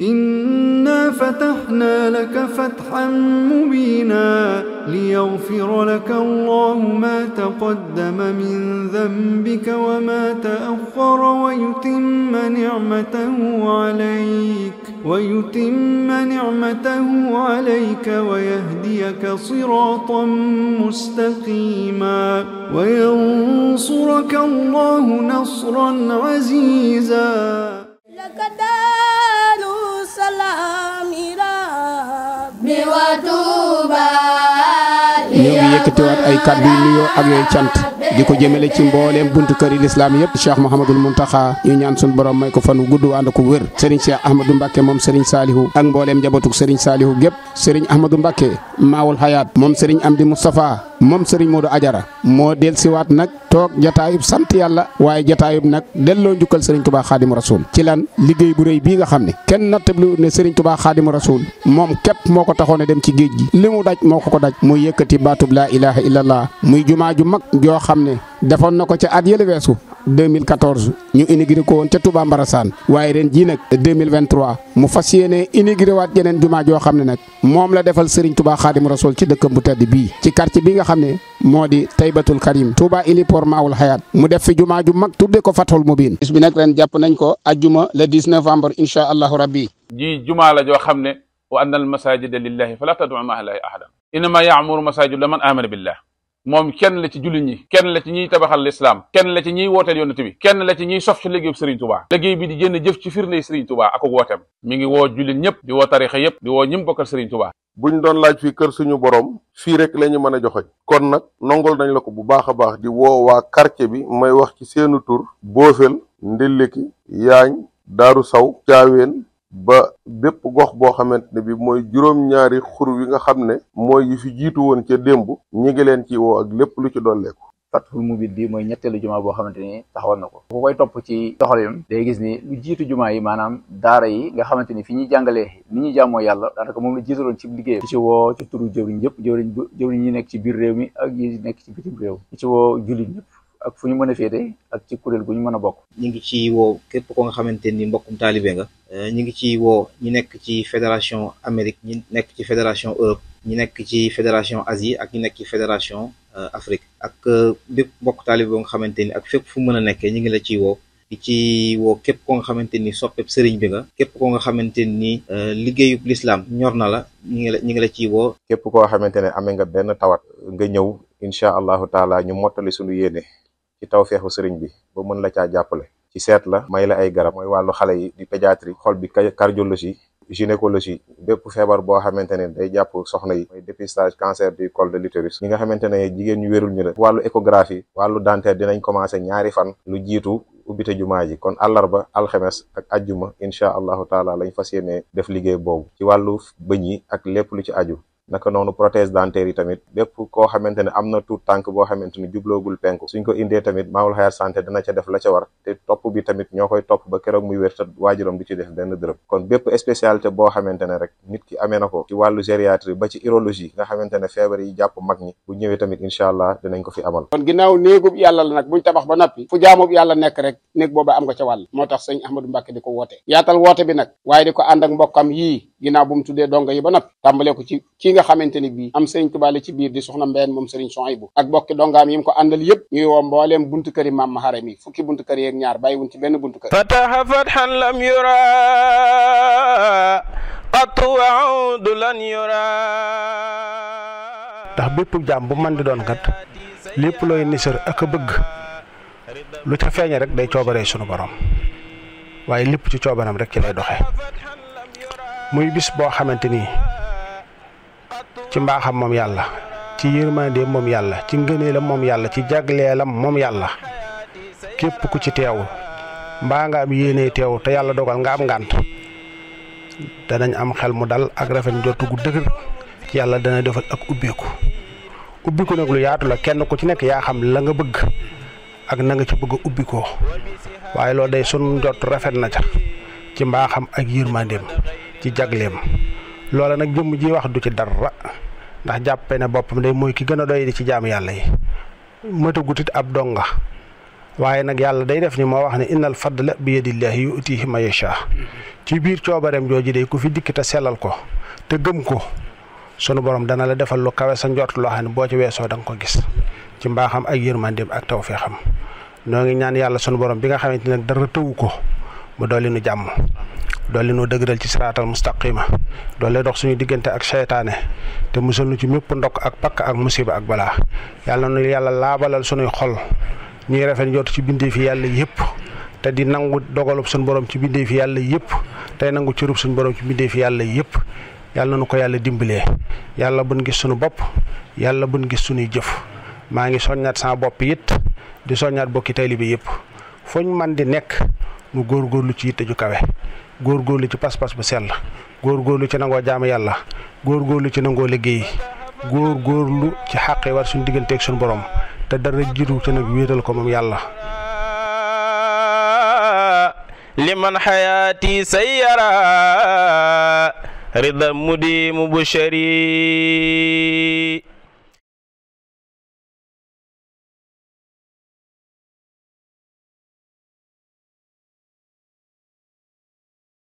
إنا فتحنا لك فتحا مبينا ليغفر لك الله ما تقدم من ذنبك وما تأخر ويتم نعمته عليك ويتم نعمته عليك ويهديك صراطا مستقيما وينصرك الله نصرا عزيزا لقد ñoo ngi yëkkatiwaat ay kàddu yu ak yooyu cant di ko jëmale ci mbooleem buntu kër yi lislaam yëpp Cheikh Mouhamadul Mountakha ñu ñaan sun borom may ko fan wu gudd ànd ko wér Serigne Cheikh Ahmadou Mbacke moom Serigne Salihu ak mbooleem njabootug Serigne Salihu gépp Serigne Ahmadou Mbacke maawul hayaat moom Serigne Amdi Moustapha moom sëriñ Modou Ajara moo siwaat nag toog jataayub sant yàlla waaye jataayub nag delloo njukkal sëriñ Touba Xaadimu Rasuul ci lan liggéey bu rëy bii nga xam ne kenn nattablu ne sëriñ Touba Xaadimu Rasuul moom képp moo ko taxoon a dem ci géej gi li mu daj moo ko ko daj muy yëkkati baatub laa ilaaha illallah muy jumaa ju mag joo xam ne defoon na ko ca at yële weesu 2014 ñu inauguré ko woon ca Touba Mbarassane waaye ren jii nag 2023 mu fas yéene inauguré waat yeneen jumaa joo xam ne nag moom la defal Serigne Touba Xaadim Rasul ci dëkkam bu tedd bii ci quartier bi nga xam ne moo di Taybatul Karim Touba Ilipor Maawul xayaat mu def fi jumaa ju mag tudde ko Fathul Mubin bis bi nag ren jàpp nañ ko ajjuma le 10 novembre incha allahu rabbi ji jumaa la joo xam ne wa anna al masajida lillahi fala tad'u ma'a allahi ahadan innama ya'muru masajida man moom kenn la ci jullit ñi kenn la ci ñiy tabaxal lislaam kenn la ci ñiy wooteel yonent bi kenn la ci ñiy sof ci liggéeyub Serigne Touba liggéey bi di jënd jëf ci firnde Serigne tubaa ak wooteem mi ngi woo jullit ñëpp di woo tarixa yëpp di woo ñim bokkal Serigne Touba. buñ doon laaj fii kër suñu boroom fii rek la ñu mën a joxoñ kon nag nongol nañu la ko bu baax a baax di woo waa quartier bi may wax ci seenu tur Boofel Ndilliki Yaañ Daaru Saw Caaween ba bépp gox boo xamante ne bi mooy juróom-ñaari xur wi nga xam ne mooy yi su jiitu woon ca démb ñi gi leen ci woo ak lépp lu ci doon dolleeku fatful mubin bi mooy ñetteelu jumaa boo xamante ni taxawal na ko ku koy topp ci doxalin day gis ni lu jiitu jumaa yi maanaam daara yi nga xamante ni fi ñuy jàngalee ni ñuy jàmmoo yàlla daanaka moom la jiitaloon ci liggéey ci woo ci turu jëwriñ yëpp jëwriñ jëwriñ yi nekk ci biir réew mi ak nekk ci bitim ak fu ñu mën a féete ak ci kuréel gu ñu mën a bokk. ñu ngi ci woo képp ko nga xamante ni mbokkum taalibe nga. Eh, ñu ngi ci woo ñi nekk ci fédération Amérique ñi nekk ci fédération Europe nekk ci fédération Asie ak ñi nekk ci fédération eh, Afrique ak eh, bépp mbokk taalibe boo nga xamante ni ak fépp fu mën a nekkee ñu ngi la ciy woo. ci woo képp ko nga xamante ni soppeeb sëriñ bi nga. képp ko nga xamante ni liggéeyub lislaam ñor na la ñu ngi la ñu ngi la ciy woo. képp koo xamante ne amee nga benn tawat nga ñëw incha allahu taala ñu mottali suñu yéene. ci feexu sëriñ bi ba mën la caa jàppale ci seet la may la ay garab mooy wàllu xale yi di pédiatrie xol bi cardiologie gynécologie bépp feebar boo xamante ne day jàpp soxna yi mooy dépistage cancer du col de l'utérus ñi nga xamante ne jigéen ñu wérul ñu la wàllu échographie wàllu dentaire dinañ commencé ñaari fan lu jiitu ubbite jumaa ji kon àllarba alxemes ak ajjuma incha allahu taala lañ fas yéenee def liggéey boobu ci wàllu bëñ yi ak lépp lu ci aju naka noonu prothèse dentaire yi tamit bépp koo xamante ne am na tuut tànk boo xamante ne jubloogul penku suñ ko indee tamit Mamoul Hayaat santé dana ca def la ca war te topp bi tamit ñoo koy topp ba keroog muy wér te waajuram du ci def benn dërëm kon bépp spécialité boo xamante ne rek nit ki amee na ko ci wàllu gériatrie ba ci urologie nga xamante ne feebar yi jàpp mag ñi u ñëwee tamit incha allah dinañ ko fi amal kon ginnaaw néegub yàlla la nag buñ tabax ba noppi fu jaamub yàlla nekk rek néeg booba am nga ca wàll moo tax sëñ Ahmadou Mbacke di ko woote yaatal woote bi nag waaye ko ànd ak mbokkam yii ginnaaw mu tuddee dongo yi ba noppi nga xamante ni bii am Serigne Touba ci biir di soxna Mbène moom Serigne Souhaïbou ak bokki ko àndal yëpp ñuy woo mbooleem buntu kër yi maam ma xaram yi fukki buntu kër yeeg ñaar ndax bépp jaam bu man di doon kat lépp looy nisar ak a bëgg lu ca feeñe rek day coobaree sunu borom waaye lépp ci coobaram rek ci lay doxee muy bis boo xamante ni ci mbaaxam moom yàlla ci yërmandeem moom yàlla ci la moom yàlla ci jagleelam moom yàlla képp ku ci teew mbaa nga am yéene teew te yàlla dogal nga am ngànt danañ am xel mu dal ak rafet njortu gu dëgër yàlla dana defal ak ubbeeku ubbiku nag lu yaatu la kenn ku ci nekk yaa xam la nga bëgg ak na nga ci bëgg a ubbikoo waaye loolu day sunu njort rafet na ca ci mbaaxam ak yërmandeem ci jagleem loola nag jëmm ji wax du ci dara ndax jàppe ne boppam day mooy ki gën a doy di ci jaam yàlla yi matagutit ab donga waaye nag yàlla day def ni moo wax ne innal fadla bi yadillahi yu'tihi man yasha ci biir coobareem jooju day ku fi dikk te sellal ko te gëm ko sunu borom dana la defal lu kawe sa njort loo xam ne boo ci weesoo da nga ko gis ci mbaaxam ak yërmandeem ak tawfeexam noo ngi ñaan yàlla sunu borom bi nga xamante ne dara tëwu ko mu dolli nu jàmm doole noo dëgëral ci siraatal mustaqima doole dox suñu diggante ak seytaane te musal nu ci mépp ndokk ak pakk ak musiba ak balaa yàlla nu yàlla laabalal sunuy xol ñuy rafet njort ci bindee fi yàlla yëpp te di nangu dogalub suñu borom ci bindee fi yàlla yëpp tey nangu cërub suñu borom ci bindee fi yàlla yëpp yàlla nu ko yàlla dimbalee yàlla buñ gis suñu bopp yàlla buñ gis suñuy jëf maa ngi soññaat sama bopp it di soññaat bokki taalibe yëpp fuñ man di nekk nu góorgóorlu ci yitte ju kawe góor góorgóorlu ci pas-pas bu sell lu ci nangoo góor góor lu ci nangoo liggéey góorgóorlu ci xàq yi war suñu digganteeg suñu borom te dara jiitu te nag wéetal ko moom yàlla liman xayaati sayyara di mudimu bu shari